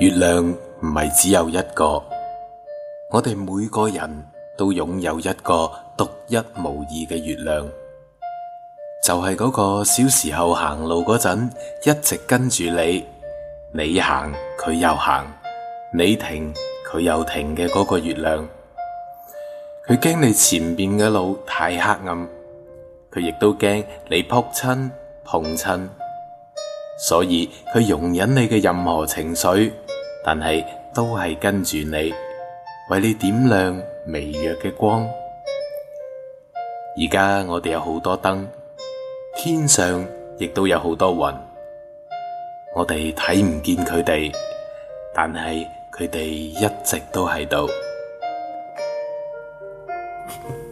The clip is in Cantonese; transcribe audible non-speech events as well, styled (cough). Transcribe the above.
月亮唔係只有一個，我哋每個人都擁有一個獨一無二嘅月亮，就係嗰個小時候行路嗰陣一直跟住你，你行佢又行，你停佢又停嘅嗰個月亮。佢驚你前面嘅路太黑暗，佢亦都驚你撲親碰親，所以佢容忍你嘅任何情緒。但係都係跟住你，為你點亮微弱嘅光。而家我哋有好多燈，天上亦都有好多雲，我哋睇唔見佢哋，但係佢哋一直都喺度。 (laughs)